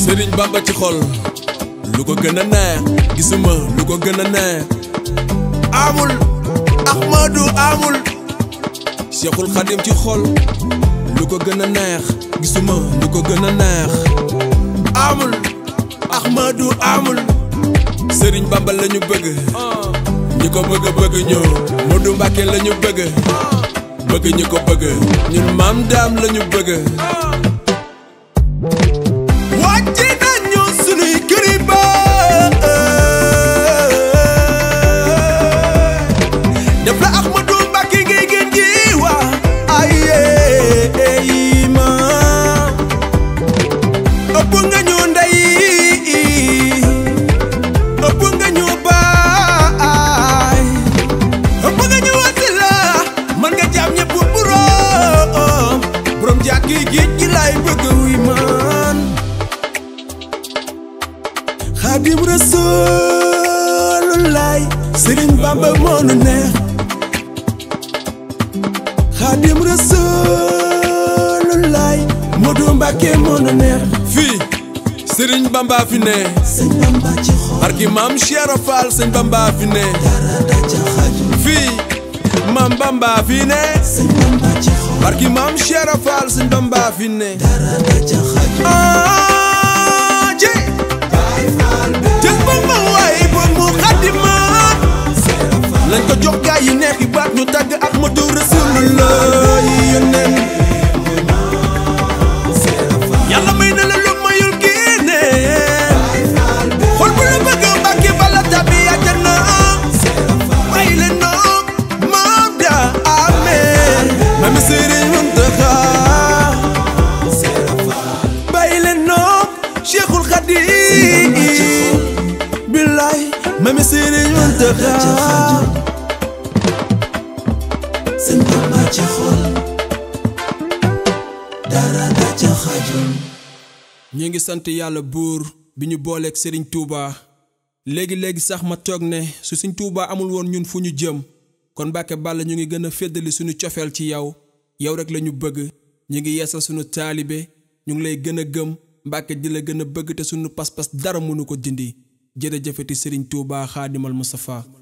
sëriñ baba ci xol lu ko gën a neex gisuma lu ko gën a neex amul ahmadu amul cheikhul xadim ci xol lu ko gën a neex gisuma lu ko gën a neex amul Ahmadou amul Sëriñ Bamba la bëgg ñi ko bëgg bëgg ñoo Modou Mbacké la ñu bëgg bëgg ñi ko bëgg ñun maam daam la ñu bëgg bunga xaadim rasuulullaay sëriñ bamba moo neex xaadim rasuulullaay Modou Mbacke moo nu neex fii sëriñ bamba fi ne sëñ bamba ci xol barki maam fi ne fii maam bamba fi ne sëñ bamba ci xol barki maam fi ne di billaay mami sëriñ Muntaxa sëñ Bamba ca xol ñu ngi sant yàlla buur bi ñu booleek sëriñ Touba léegi-léegi sax ma toog ne su sëñ Touba amul woon ñun fu ñu jëm kon Mbàkke Bàlla ñu ngi gën a féddali suñu cofeel ci yow yow rek lañu bëgg ñu ngi yeesal sunu taalibe ñu ngi lay gën a gëm Mbàkke di la gën a bëgg te sunu pas-pas dara mënu ko jëndi jërëjëfati Sëriñ Tuubaa Xaadimal Mustafaa